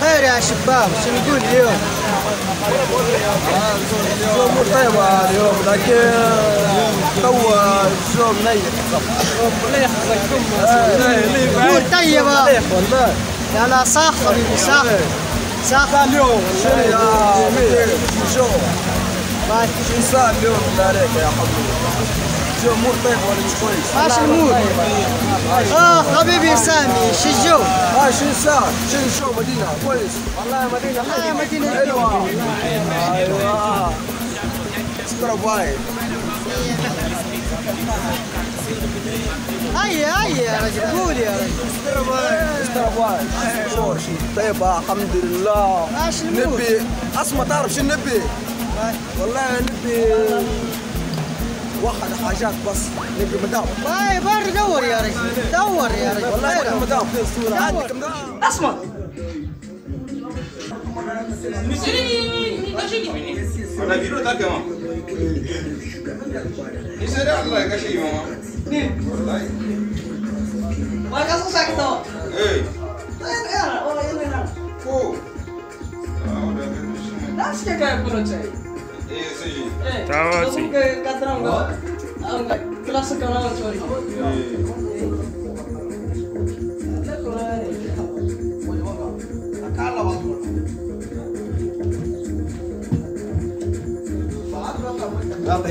بخير يا شباب شنو نقول اليوم؟ الجمهور طيبة اليوم لكن تو الجو منيح مليح الجمهور طيبة والله لا لا صح حبيبي صح صح اليوم شو الجو ما صار اليوم عليك يا حبيبي الجمهور طيب ولا مش كويس اش المود اه حبيبي سامي شو الجو اه شو الساعه شو الجو مدينه كويس والله مدينه والله مدينه حلوه ايوه اضرب وايد أيوة. هيا أيوة. هيا يا رجل قول يا رجل طيبة الحمد لله نبي اسمع تعرف شو نبي والله نبي واخذ حاجات بس نبي مدام طيب برا دور يا رجل دور يا رجل والله مدام اسمع مدام اصمت انا بيرو ذاك يا ماما يسرع الله يا شيء ماما والله ما قصص اكثر ايه طيب، والله يلا فوق لا اشكي كيف كل شيء కావచ్చు class no se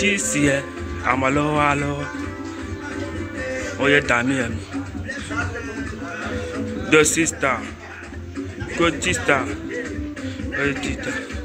this year I'm a lower lower. Oh yeah, damn me. The sister, good sister, good sister.